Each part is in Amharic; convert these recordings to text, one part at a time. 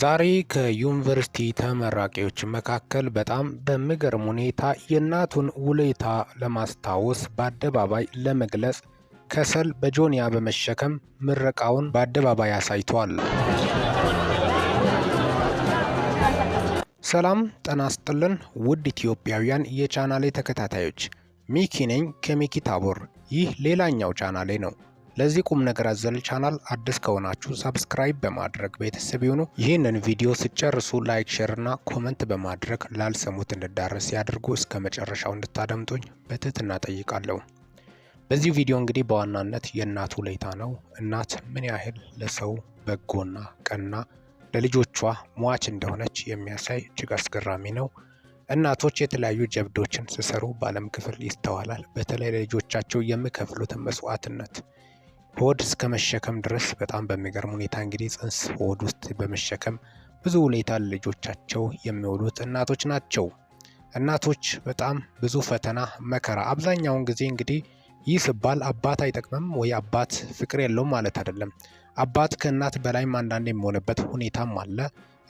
ዛሬ ከዩኒቨርሲቲ ተመራቂዎች መካከል በጣም በሚገርም ሁኔታ የእናቱን ውለታ ለማስታወስ በአደባባይ ለመግለጽ ከሰል በጆንያ በመሸከም ምረቃውን በአደባባይ አሳይቷል። ሰላም ጤና ይስጥልን ውድ ኢትዮጵያውያን የቻናሌ ተከታታዮች፣ ሚኪ ነኝ ከሚኪ ታቦር። ይህ ሌላኛው ቻናሌ ነው። ለዚህ ቁም ነገር አዘል ቻናል አዲስ ከሆናችሁ ሰብስክራይብ በማድረግ ቤተሰብ ይሁኑ። ይህንን ቪዲዮ ስጨርሱ ላይክ፣ ሼር እና ኮመንት በማድረግ ላልሰሙት እንድዳረስ ያድርጉ። እስከ መጨረሻው እንድታደምጡኝ በትህትና ጠይቃለሁ። በዚህ ቪዲዮ እንግዲህ በዋናነት የእናቱ ሁሌታ ነው። እናት ምን ያህል ለሰው በጎና ቀና ለልጆቿ ሟች እንደሆነች የሚያሳይ እጅግ አስገራሚ ነው። እናቶች የተለያዩ ጀብዶችን ሲሰሩ በዓለም ክፍል ይስተዋላል። በተለይ ለልጆቻቸው የሚከፍሉት መስዋዕትነት ሆድ እስከ መሸከም ድረስ በጣም በሚገርም ሁኔታ እንግዲህ ጽንስ ሆድ ውስጥ በመሸከም ብዙ ሁኔታ ልጆቻቸው የሚወሉት እናቶች ናቸው። እናቶች በጣም ብዙ ፈተና መከራ፣ አብዛኛውን ጊዜ እንግዲህ ይህ ሲባል አባት አይጠቅምም ወይ አባት ፍቅር የለውም ማለት አይደለም። አባት ከእናት በላይም አንዳንድ የሚሆንበት ሁኔታም አለ።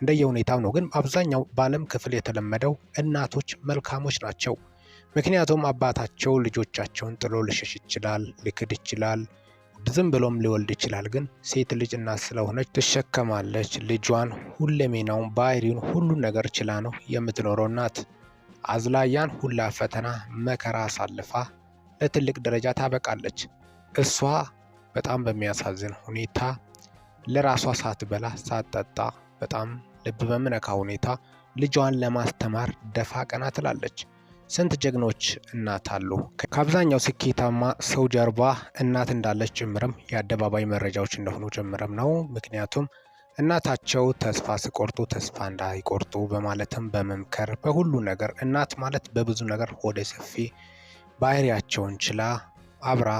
እንደየ ሁኔታው ነው። ግን አብዛኛው በዓለም ክፍል የተለመደው እናቶች መልካሞች ናቸው። ምክንያቱም አባታቸው ልጆቻቸውን ጥሎ ሊሸሽ ይችላል፣ ሊክድ ይችላል ዝም ብሎም ሊወልድ ይችላል። ግን ሴት ልጅ እናት ስለሆነች ትሸከማለች። ልጇን፣ ሁለሜናውን፣ ባህሪውን፣ ሁሉን ነገር ችላ ነው የምትኖረው እናት አዝላ ያን ሁላ ፈተና መከራ አሳልፋ ለትልቅ ደረጃ ታበቃለች። እሷ በጣም በሚያሳዝን ሁኔታ ለራሷ ሳትበላ ሳትጠጣ በጣም ልብ በምነካ ሁኔታ ልጇን ለማስተማር ደፋ ቀና ትላለች። ስንት ጀግኖች እናት አሉ። ከአብዛኛው ስኬታማ ሰው ጀርባ እናት እንዳለች ጭምርም የአደባባይ መረጃዎች እንደሆኑ ጭምርም ነው። ምክንያቱም እናታቸው ተስፋ ሲቆርጡ ተስፋ እንዳይቆርጡ በማለትም በመምከር በሁሉ ነገር እናት ማለት በብዙ ነገር ወደ ሰፊ ባህሪያቸውን ችላ አብራ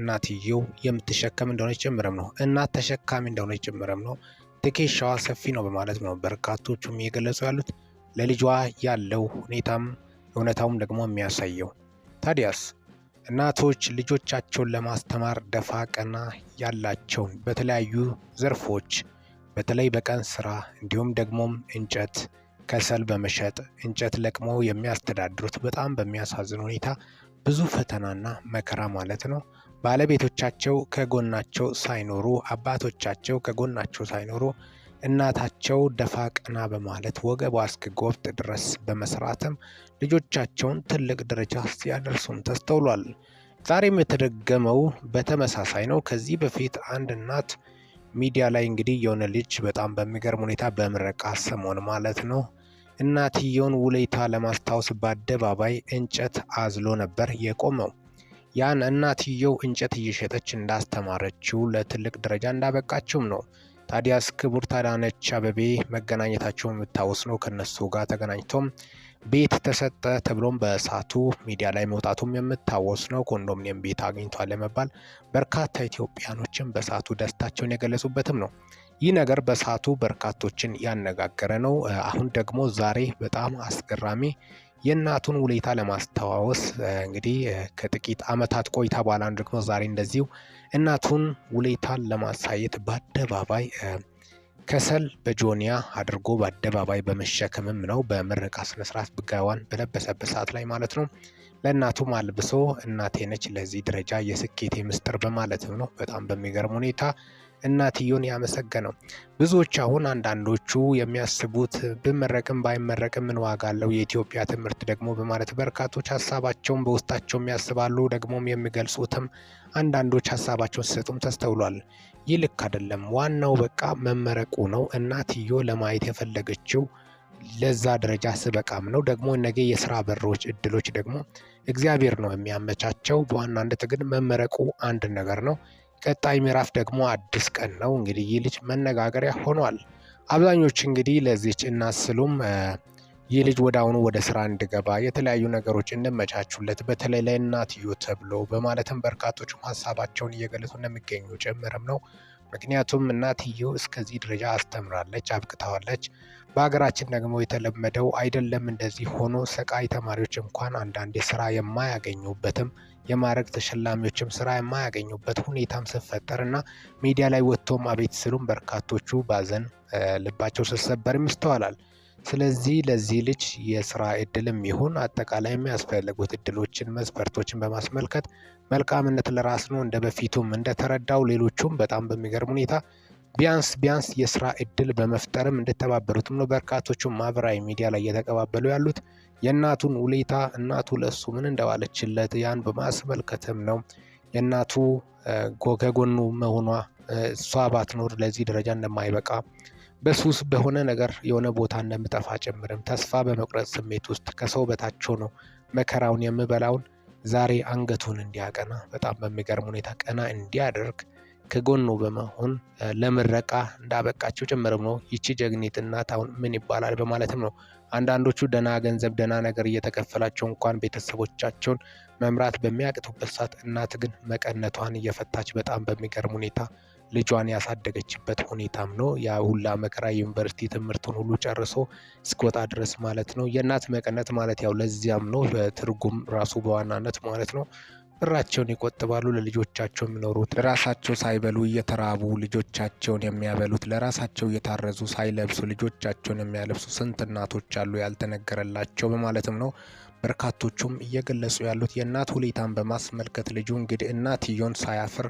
እናትየው የምትሸከም እንደሆነች ጭምርም ነው። እናት ተሸካሚ እንደሆነች ጭምርም ነው። ትከሻዋ ሰፊ ነው በማለት ነው በርካቶቹም እየገለጹ ያሉት ለልጇ ያለው ሁኔታም እውነታውም ደግሞ የሚያሳየው። ታዲያስ እናቶች ልጆቻቸውን ለማስተማር ደፋ ቀና ያላቸውን በተለያዩ ዘርፎች በተለይ በቀን ስራ እንዲሁም ደግሞም እንጨት ከሰል በመሸጥ እንጨት ለቅመው የሚያስተዳድሩት በጣም በሚያሳዝን ሁኔታ ብዙ ፈተናና መከራ ማለት ነው። ባለቤቶቻቸው ከጎናቸው ሳይኖሩ አባቶቻቸው ከጎናቸው ሳይኖሩ እናታቸው ደፋ ቀና በማለት ወገቧ እስኪጎብጥ ድረስ በመስራትም ልጆቻቸውን ትልቅ ደረጃ ሲያደርሱም ተስተውሏል። ዛሬም የተደገመው በተመሳሳይ ነው። ከዚህ በፊት አንድ እናት ሚዲያ ላይ እንግዲህ የሆነ ልጅ በጣም በሚገርም ሁኔታ በምረቃ ሰሞን ማለት ነው እናትየውን ውለታ ለማስታወስ በአደባባይ እንጨት አዝሎ ነበር የቆመው። ያን እናትየው እንጨት እየሸጠች እንዳስተማረችው ለትልቅ ደረጃ እንዳበቃችውም ነው ታዲያስ ክቡር ታዳነች አበቤ መገናኘታቸው የምታወስ ነው። ከነሱ ጋር ተገናኝቶም ቤት ተሰጠ ተብሎም በእሳቱ ሚዲያ ላይ መውጣቱም የምታወስ ነው። ኮንዶሚኒየም ቤት አግኝቷል ለመባል በርካታ ኢትዮጵያኖችን በእሳቱ ደስታቸውን የገለጹበትም ነው። ይህ ነገር በእሳቱ በርካቶችን ያነጋገረ ነው። አሁን ደግሞ ዛሬ በጣም አስገራሚ የእናቱን ውለታ ለማስተዋወስ እንግዲህ ከጥቂት ዓመታት ቆይታ በኋላ ደግሞ ዛሬ እንደዚሁ እናቱን ውለታን ለማሳየት በአደባባይ ከሰል በጆንያ አድርጎ በአደባባይ በመሸከምም ነው በምረቃ ስነስርዓት ብጋዋን በለበሰበት ሰዓት ላይ ማለት ነው ለእናቱም አልብሶ እናቴ ነች ለዚህ ደረጃ የስኬቴ ምስጢር በማለትም ነው በጣም በሚገርም ሁኔታ እናትየውን ያመሰገነው። ብዙዎች አሁን አንዳንዶቹ የሚያስቡት ብመረቅም ባይመረቅም ምን ዋጋ አለው የኢትዮጵያ ትምህርት ደግሞ በማለት በርካቶች ሀሳባቸውን በውስጣቸውም ያስባሉ፣ ደግሞም የሚገልጹትም አንዳንዶች ሀሳባቸውን ሲሰጡም ተስተውሏል። ይህ ልክ አይደለም። ዋናው በቃ መመረቁ ነው። እናትዮ ለማየት የፈለገችው ለዛ ደረጃ ስበቃም ነው። ደግሞ ነገ የስራ በሮች እድሎች ደግሞ እግዚአብሔር ነው የሚያመቻቸው። በዋናነት ግን መመረቁ አንድ ነገር ነው። ቀጣይ ምዕራፍ ደግሞ አዲስ ቀን ነው። እንግዲህ ይህ ልጅ መነጋገሪያ ሆኗል። አብዛኞች እንግዲህ ለዚች እናት ስሉም ይህ ልጅ ወደ አሁኑ ወደ ስራ እንድገባ የተለያዩ ነገሮች እንመቻቹለት በተለይ ለእናትዮ ተብሎ በማለትም በርካቶችም ሀሳባቸውን እየገለጹ እንደሚገኙ ጭምርም ነው። ምክንያቱም እናትዮ እስከዚህ ደረጃ አስተምራለች፣ አብቅታዋለች። በሀገራችን ደግሞ የተለመደው አይደለም እንደዚህ ሆኖ ሰቃይ ተማሪዎች እንኳን አንዳንዴ ስራ የማያገኙበትም የማዕረግ ተሸላሚዎችም ስራ የማያገኙበት ሁኔታም ስፈጠር እና ሚዲያ ላይ ወጥቶም አቤት ስሉም በርካቶቹ ባዘን ልባቸው ስሰበርም ይስተዋላል። ስለዚህ ለዚህ ልጅ የስራ እድልም ይሁን አጠቃላይ የሚያስፈልጉት እድሎችን መስፈርቶችን በማስመልከት መልካምነት ለራስ ነው እንደ በፊቱም እንደተረዳው ሌሎቹም በጣም በሚገርም ሁኔታ ቢያንስ ቢያንስ የስራ እድል በመፍጠርም እንደተባበሩትም ነው በርካቶቹም ማህበራዊ ሚዲያ ላይ እየተቀባበሉ ያሉት። የእናቱን ውለታ እናቱ ለእሱ ምን እንደዋለችለት ያን በማስመልከትም ነው የእናቱ ከጎኑ መሆኗ እሷ ባትኖር ለዚህ ደረጃ እንደማይበቃ በሱስ በሆነ ነገር የሆነ ቦታ እንደምጠፋ ጭምርም ተስፋ በመቁረጥ ስሜት ውስጥ ከሰው በታች ነው መከራውን የምበላውን ዛሬ አንገቱን እንዲያቀና በጣም በሚገርም ሁኔታ ቀና እንዲያደርግ ከጎኑ በመሆን ለምረቃ እንዳበቃቸው ጭምርም ነው። ይቺ ጀግኒት እናት አሁን ምን ይባላል በማለትም ነው አንዳንዶቹ ደና ገንዘብ ደና ነገር እየተከፈላቸው እንኳን ቤተሰቦቻቸውን መምራት በሚያቅቱበት ሰዓት እናት ግን መቀነቷን እየፈታች በጣም በሚገርም ሁኔታ ልጇን ያሳደገችበት ሁኔታም ነው። ያ ሁላ መከራ ዩኒቨርሲቲ ትምህርቱን ሁሉ ጨርሶ እስኪወጣ ድረስ ማለት ነው። የእናት መቀነት ማለት ያው ለዚያም ነው በትርጉም ራሱ በዋናነት ማለት ነው ብራቸውን ይቆጥባሉ፣ ለልጆቻቸው የሚኖሩት ለራሳቸው ሳይበሉ እየተራቡ ልጆቻቸውን የሚያበሉት ለራሳቸው እየታረዙ ሳይለብሱ ልጆቻቸውን የሚያለብሱ ስንት እናቶች አሉ ያልተነገረላቸው በማለትም ነው በርካቶቹም እየገለጹ ያሉት የእናት ውለታን በማስመልከት ልጁ እንግዲህ እናትየውን ሳያፍር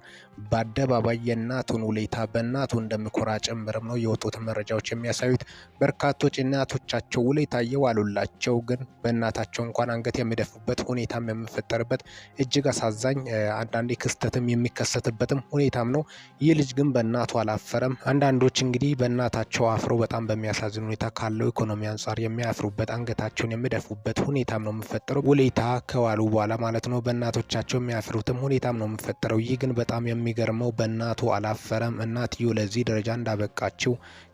በአደባባይ የእናቱን ውለታ በእናቱ እንደሚኮራ ጭምርም ነው የወጡት መረጃዎች የሚያሳዩት። በርካቶች እናቶቻቸው ውለታ እየዋሉላቸው ግን በእናታቸው እንኳን አንገት የሚደፉበት ሁኔታም የሚፈጠርበት እጅግ አሳዛኝ አንዳንዴ ክስተትም የሚከሰትበትም ሁኔታም ነው። ይህ ልጅ ግን በእናቱ አላፈረም። አንዳንዶች እንግዲህ በእናታቸው አፍረው በጣም በሚያሳዝን ሁኔታ ካለው ኢኮኖሚ አንጻር የሚያፍሩበት አንገታቸውን የሚደፉበት ሁኔታም ነው የሚፈጠረው ውሌታ ከዋሉ በኋላ ማለት ነው። በእናቶቻቸው የሚያፍሩትም ሁኔታም ነው የሚፈጠረው። ይህ ግን በጣም የሚገርመው በእናቱ አላፈረም። እናትዮ ለዚህ ደረጃ እንዳበቃችው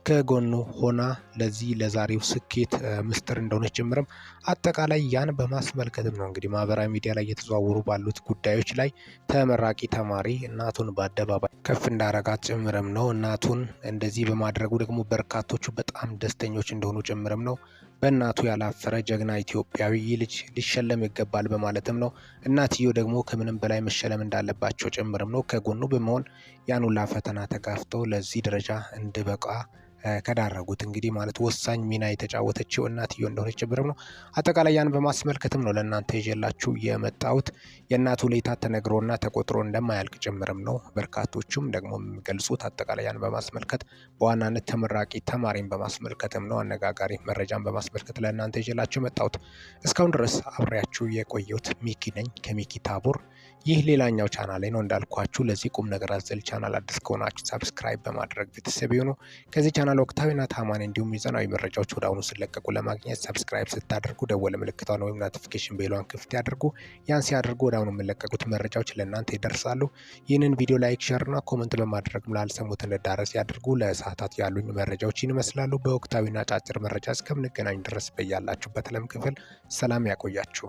ከጎኑ ሆና ለዚህ ለዛሬው ስኬት ምስጢር እንደሆነች ጭምርም አጠቃላይ ያን በማስመልከትም ነው እንግዲህ ማህበራዊ ሚዲያ ላይ እየተዘዋወሩ ባሉት ጉዳዮች ላይ ተመራቂ ተማሪ እናቱን በአደባባይ ከፍ እንዳረጋት ጭምርም ነው። እናቱን እንደዚህ በማድረጉ ደግሞ በርካቶቹ በጣም ደስተኞች እንደሆኑ ጭምርም ነው። በእናቱ ያላፈረ ጀግና ኢትዮጵያዊ ልጅ ሊሸለም ይገባል በማለትም ነው። እናትየው ደግሞ ከምንም በላይ መሸለም እንዳለባቸው ጭምርም ነው። ከጎኑ በመሆን ያን ሁላ ፈተና ተጋፍተው ለዚህ ደረጃ እንድበቃ ከዳረጉት እንግዲህ ማለት ወሳኝ ሚና የተጫወተችው እናትዮ እንደሆነች ጭምርም ነው። አጠቃላይ ያን በማስመልከትም ነው ለእናንተ ይዤላችሁ የመጣሁት። የእናት ሁኔታ ተነግሮና ተቆጥሮ እንደማያልቅ ጭምርም ነው። በርካቶቹም ደግሞ የሚገልጹት አጠቃላይ ያን በማስመልከት በዋናነት ተመራቂ ተማሪን በማስመልከትም ነው። አነጋጋሪ መረጃን በማስመልከት ለእናንተ ይዤላችሁ የመጣሁት። እስካሁን ድረስ አብሬያችሁ የቆየሁት ሚኪ ነኝ ከሚኪ ታቦር። ይህ ሌላኛው ቻናል ላይ ነው እንዳልኳችሁ። ለዚህ ቁም ነገር አዘል ቻናል አዲስ ከሆናችሁ ሰብስክራይብ በማድረግ ቤተሰብ የሆኑ ከዚህ ቻናል ወቅታዊና ታማኝ እንዲሁም ሚዛናዊ መረጃዎች ወደ አሁኑ ሲለቀቁ ለማግኘት ሰብስክራይብ ስታደርጉ ደወለ ምልክቷን ወይም ኖቲፊኬሽን ቤሏን ክፍት ያድርጉ። ያን ሲያደርጉ ወደ አሁኑ የሚለቀቁት መረጃዎች ለእናንተ ይደርሳሉ። ይህንን ቪዲዮ ላይክ፣ ሼር እና ኮመንት በማድረግም ላልሰሙት እንዲዳረስ ያድርጉ። ለሰዓታት ያሉኝ መረጃዎች ይመስላሉ። በወቅታዊና አጫጭር መረጃ እስከምንገናኝ ድረስ በያላችሁበት ዓለም ክፍል ሰላም ያቆያችሁ።